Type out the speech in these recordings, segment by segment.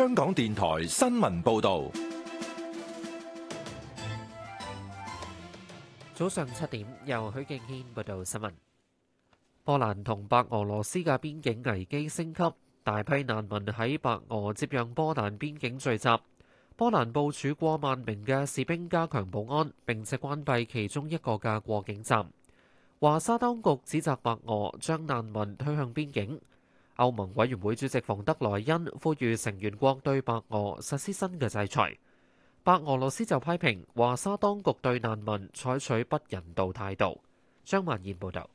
香港電台新聞報道，早上七點，由許敬軒報道新聞。波蘭同白俄羅斯嘅邊境危機升級，大批難民喺白俄接壤波蘭邊境聚集。波蘭部署過萬名嘅士兵加強保安，並且關閉其中一個嘅過境站。華沙當局指責白俄將難民推向邊境。歐盟委員會主席馮德萊恩呼籲成員國對白俄實施新嘅制裁。白俄羅斯就批評華沙當局對難民採取不人道態度。張萬燕報道。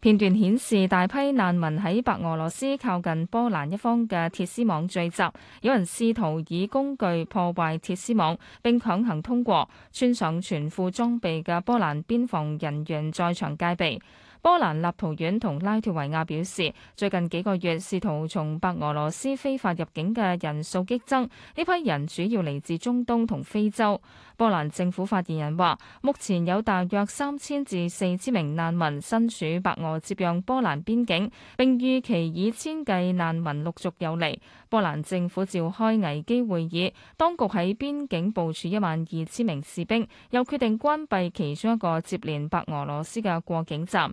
片段顯示大批難民喺白俄羅斯靠近波蘭一方嘅鐵絲網聚集，有人試圖以工具破壞鐵絲網，並強行通過。穿上全副裝備嘅波蘭邊防人員在場戒備。波蘭、立陶宛同拉脱維亞表示，最近幾個月試圖從白俄羅斯非法入境嘅人數激增。呢批人主要嚟自中東同非洲。波蘭政府發言人話：目前有大約三千至四千名難民身處白俄接壤波蘭邊境，並預期以千計難民陸續有嚟。波蘭政府召開危機會議，當局喺邊境部署一萬二千名士兵，又決定關閉其中一個接連白俄羅斯嘅過境站。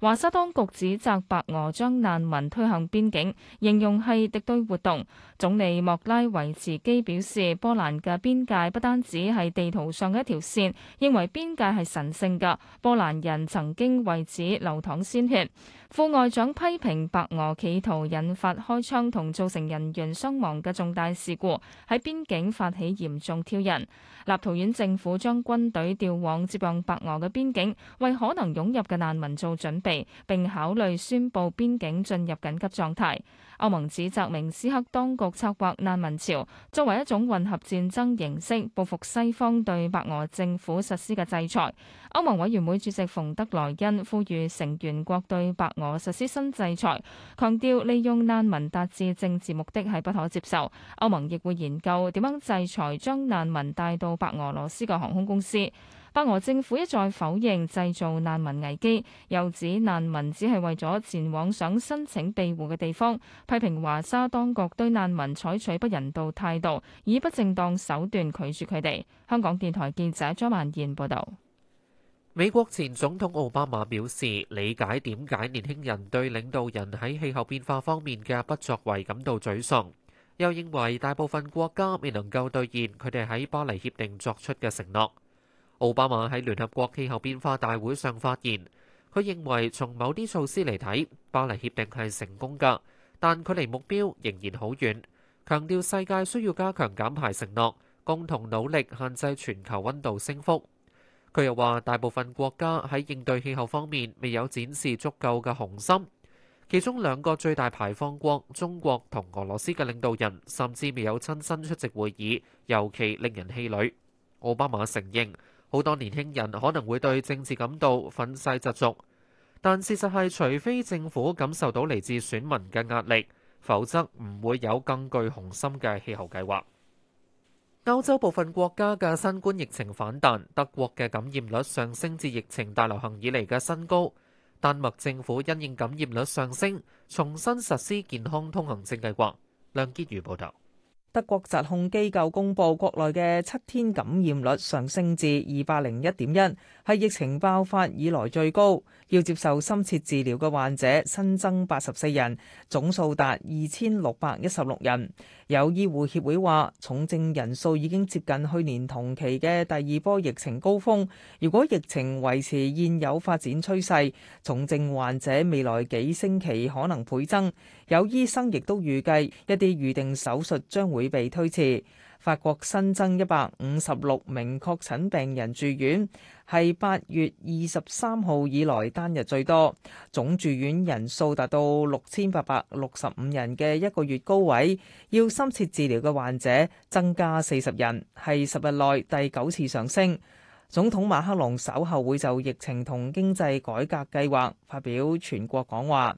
華沙當局指責白俄將難民推向邊境，形容係敵對活動。總理莫拉維茨基表示，波蘭嘅邊界不單止係地圖上嘅一條線，認為邊界係神聖嘅。波蘭人曾經為此流淌鮮血。副外長批評白俄企圖引發開槍同造成人員傷亡嘅重大事故，喺邊境發起嚴重挑釁。立陶宛政府將軍隊調往接應白俄嘅邊境，為可能湧入嘅難民做準備。並考慮宣佈邊境進入緊急狀態。歐盟指責明斯克當局策劃難民潮，作為一種混合戰爭形式，報復西方對白俄政府實施嘅制裁。歐盟委員會主席馮德萊恩呼籲成員國對白俄實施新制裁，強調利用難民達至政治目的係不可接受。歐盟亦會研究點樣制裁將難民帶到白俄羅斯嘅航空公司。白俄政府一再否認製造難民危機，又指難民只係為咗前往想申請庇護嘅地方，批評華沙當局對難民採取不人道態度，以不正當手段拒絕佢哋。香港電台記者張曼燕報道。美國前總統奧巴馬表示理解點解年輕人對領導人喺氣候變化方面嘅不作為感到沮喪，又認為大部分國家未能夠兌現佢哋喺巴黎協定作出嘅承諾。奧巴馬喺聯合國氣候變化大會上發言，佢認為從某啲措施嚟睇，巴黎協定係成功噶，但距離目標仍然好遠。強調世界需要加強減排承諾，共同努力限制全球溫度升幅。佢又話，大部分國家喺應對氣候方面未有展示足夠嘅雄心，其中兩個最大排放國中國同俄羅斯嘅領導人甚至未有親身出席會議，尤其令人氣餒。奧巴馬承認。好多年輕人可能會對政治感到憤世嫉俗，但事實係，除非政府感受到嚟自選民嘅壓力，否則唔會有更具雄心嘅氣候計劃。歐洲部分國家嘅新冠疫情反彈，德國嘅感染率上升至疫情大流行以嚟嘅新高，丹麥政府因應感染率上升，重新實施健康通行證計劃。梁潔如報導。德國疾控機構公布國內嘅七天感染率上升至二百零一點一，係疫情爆發以來最高。要接受深切治療嘅患者新增八十四人，總數達二千六百一十六人。有醫護協會話，重症人數已經接近去年同期嘅第二波疫情高峰。如果疫情維持現有發展趨勢，重症患者未來幾星期可能倍增。有醫生亦都預計一啲預定手術將會被推遲。法國新增一百五十六名確診病人住院，係八月二十三號以來單日最多。總住院人數達到六千八百六十五人嘅一個月高位，要深切治療嘅患者增加四十人，係十日內第九次上升。總統馬克龍稍後會就疫情同經濟改革計劃發表全國講話。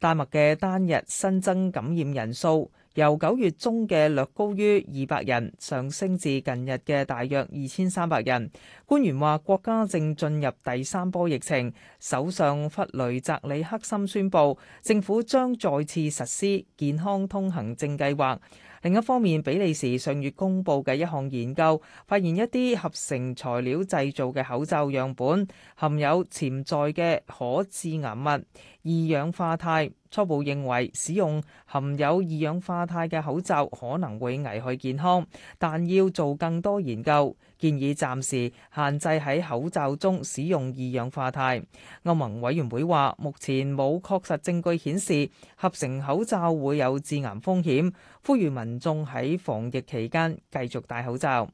丹麥嘅單日新增感染人數由九月中嘅略高於二百人上升至近日嘅大約二千三百人。官員話國家正進入第三波疫情。首相弗雷澤里克森宣布，政府將再次實施健康通行證計劃。另一方面，比利時上月公布嘅一項研究，發現一啲合成材料製造嘅口罩樣本含有潛在嘅可致癌物二氧化鈦，初步認為使用含有二氧化鈦嘅口罩可能會危害健康，但要做更多研究。建議暫時限制喺口罩中使用二氧化碳。歐盟委員會話：目前冇確實證據顯示合成口罩會有致癌風險，呼籲民眾喺防疫期間繼續戴口罩。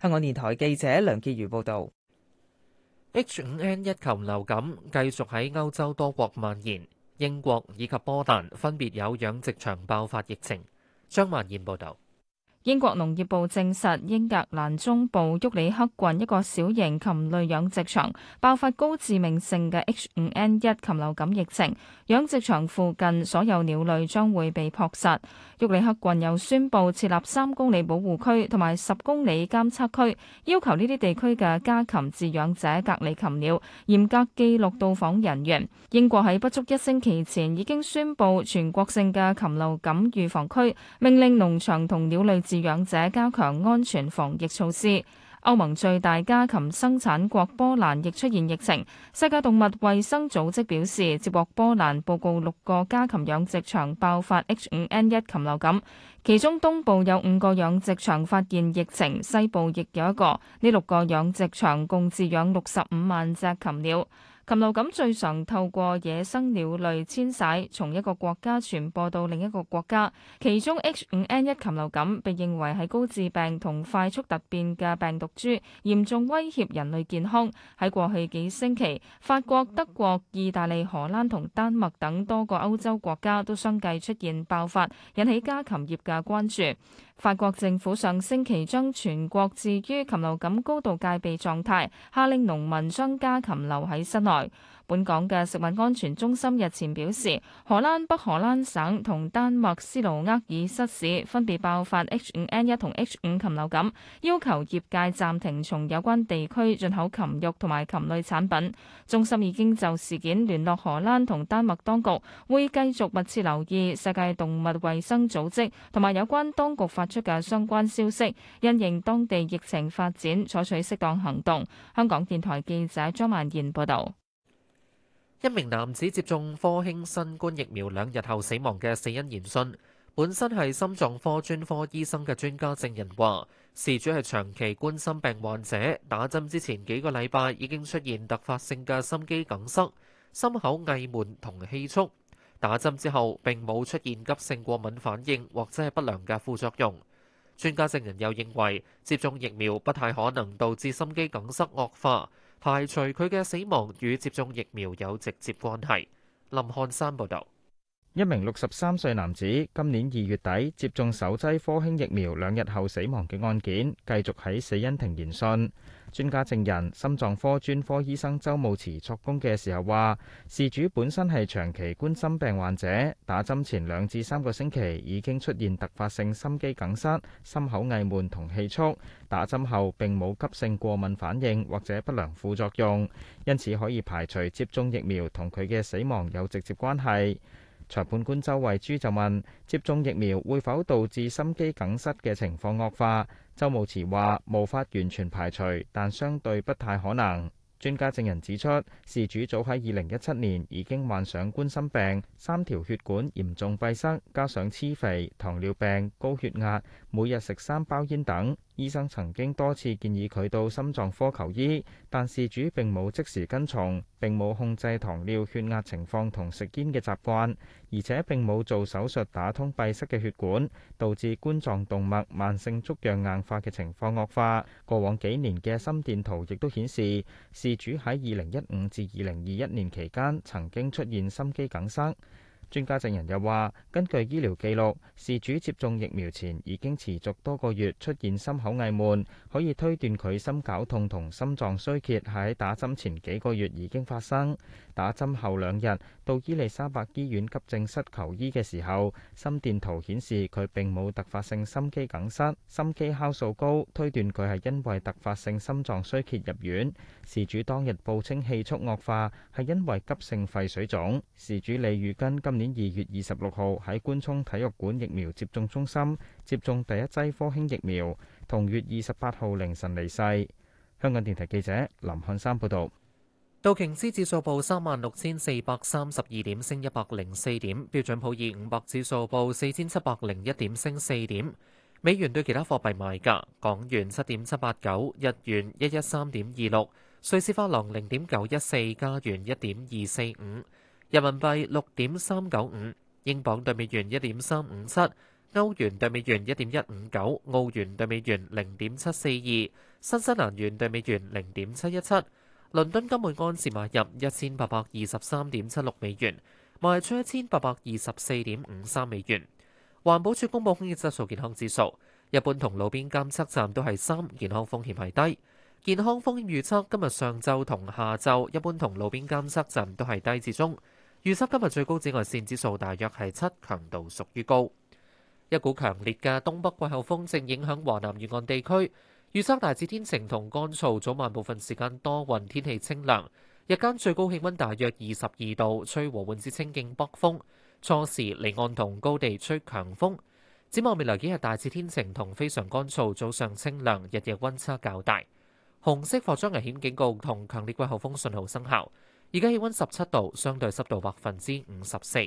香港電台記者梁潔如報導。H 五 N 一禽流感繼續喺歐洲多國蔓延，英國以及波蘭分別有養殖場爆發疫情。張曼燕報導。英國農業部證實，英格蘭中部沃里克郡一個小型禽類養殖場爆發高致命性嘅 H5N1 禽流感疫情。養殖場附近所有鳥類將會被撲殺。沃里克郡又宣佈設立三公里保護區同埋十公里監測區，要求呢啲地區嘅家禽飼養者隔離禽鳥，嚴格記錄到訪人員。英國喺不足一星期前已經宣佈全國性嘅禽流感預防區，命令農場同鳥類。飼養者加強安全防疫措施。歐盟最大家禽生產國波蘭亦出現疫情。世界動物衛生組織表示，接獲波蘭報告六個家禽養殖場爆發 H5N1 禽流感，其中東部有五個養殖場發現疫情，西部亦有一個。呢六個養殖場共飼養六十五萬隻禽鳥。禽流感最常透過野生鳥類遷徙，從一個國家傳播到另一個國家。其中 H 五 N 一禽流感被認為係高致病同快速突變嘅病毒株，嚴重威脅人類健康。喺過去幾星期，法國、德國、意大利、荷蘭同丹麥等多個歐洲國家都相繼出現爆發，引起家禽業嘅關注。法國政府上星期將全國置於禽流感高度戒備狀態，下令農民將家禽留喺室內。本港嘅食物安全中心日前表示，荷蘭北荷蘭省同丹麥斯勞厄爾塞市分別爆發 H 五 N 一同 H 五禽流感，要求業界暫停從有關地區進口禽肉同埋禽類產品。中心已經就事件聯絡荷蘭同丹麥當局，會繼續密切留意世界動物衛生組織同埋有關當局發出嘅相關消息，因應當地疫情發展，採取適當行動，香港電台記者張曼燕報道。一名男子接種科興新冠疫苗兩日後死亡嘅死因言訊，本身係心臟科專科醫生嘅專家證人話，事主係長期冠心病患者，打針之前幾個禮拜已經出現突發性嘅心肌梗塞、心口翳悶同氣促，打針之後並冇出現急性過敏反應或者係不良嘅副作用。專家證人又認為，接種疫苗不太可能導致心肌梗塞惡化。排除佢嘅死亡與接種疫苗有直接關係。林漢山報道，一名六十三歲男子今年二月底接種首劑科興疫苗，兩日後死亡嘅案件，繼續喺死因庭聆訊。專家證人、心臟科專科醫生周慕慈作供嘅時候話：事主本身係長期冠心病患者，打針前兩至三個星期已經出現突發性心肌梗塞、心口翳悶同氣促，打針後並冇急性過敏反應或者不良副作用，因此可以排除接種疫苗同佢嘅死亡有直接關係。裁判官周慧珠就問：接種疫苗會否導致心肌梗塞嘅情況惡化？周慕慈話：無法完全排除，但相對不太可能。專家證人指出，事主早喺二零一七年已經患上冠心病，三條血管嚴重閉塞，加上癡肥、糖尿病、高血壓，每日食三包煙等。醫生曾經多次建議佢到心臟科求醫，但事主並冇即時跟從，並冇控制糖尿、血壓情況同食煙嘅習慣，而且並冇做手術打通閉塞嘅血管，導致冠狀動脈慢性粥樣硬化嘅情況惡化。過往幾年嘅心電圖亦都顯示，事主喺二零一五至二零二一年期間曾經出現心肌梗塞。專家證人又話：根據醫療記錄，事主接種疫苗前已經持續多個月出現心口翳悶，可以推斷佢心絞痛同心臟衰竭喺打針前幾個月已經發生。打針後兩日到伊利沙伯醫院急症室求醫嘅時候，心電圖顯示佢並冇突發性心肌梗塞，心肌酵素高，推斷佢係因為突發性心臟衰竭入院。事主當日報稱氣促惡化係因為急性肺水腫。事主李裕根今年二月二十六號喺官涌體育館疫苗接種中心接種第一劑科興疫苗，同月二十八號凌晨離世。香港電台記者林漢山報道。道瓊斯指數報三萬六千四百三十二點，升一百零四點；標準普爾五百指數報四千七百零一點，升四點。美元對其他貨幣賣價：港元七點七八九，日元一一三點二六，瑞士法郎零點九一四，加元一點二四五，人民幣六點三九五，英鎊兌美元一點三五七，歐元兌美元一點一五九，澳元兌美元零點七四二，新西蘭元兌美元零點七一七。倫敦金每盎司買入一千八百二十三點七六美元，賣出一千八百二十四點五三美元。環保署公布空氣質素健康指數，一般同路邊監測站都係三，健康風險係低。健康風險預測今日上晝同下晝，一般同路邊監測站都係低至中。預測今日最高紫外綫指數大約係七，強度屬於高。一股強烈嘅東北季候風正影響華南沿岸地區。預測大致天晴同乾燥，早晚部分時間多雲，天氣清涼。日間最高氣溫大約二十二度，吹和緩至清勁北風。初時離岸同高地吹強風。展望未來幾日，大致天晴同非常乾燥，早上清涼，日夜溫差較大。紅色火災危險警告同強烈季候風信號生效。而家氣溫十七度，相對濕度百分之五十四。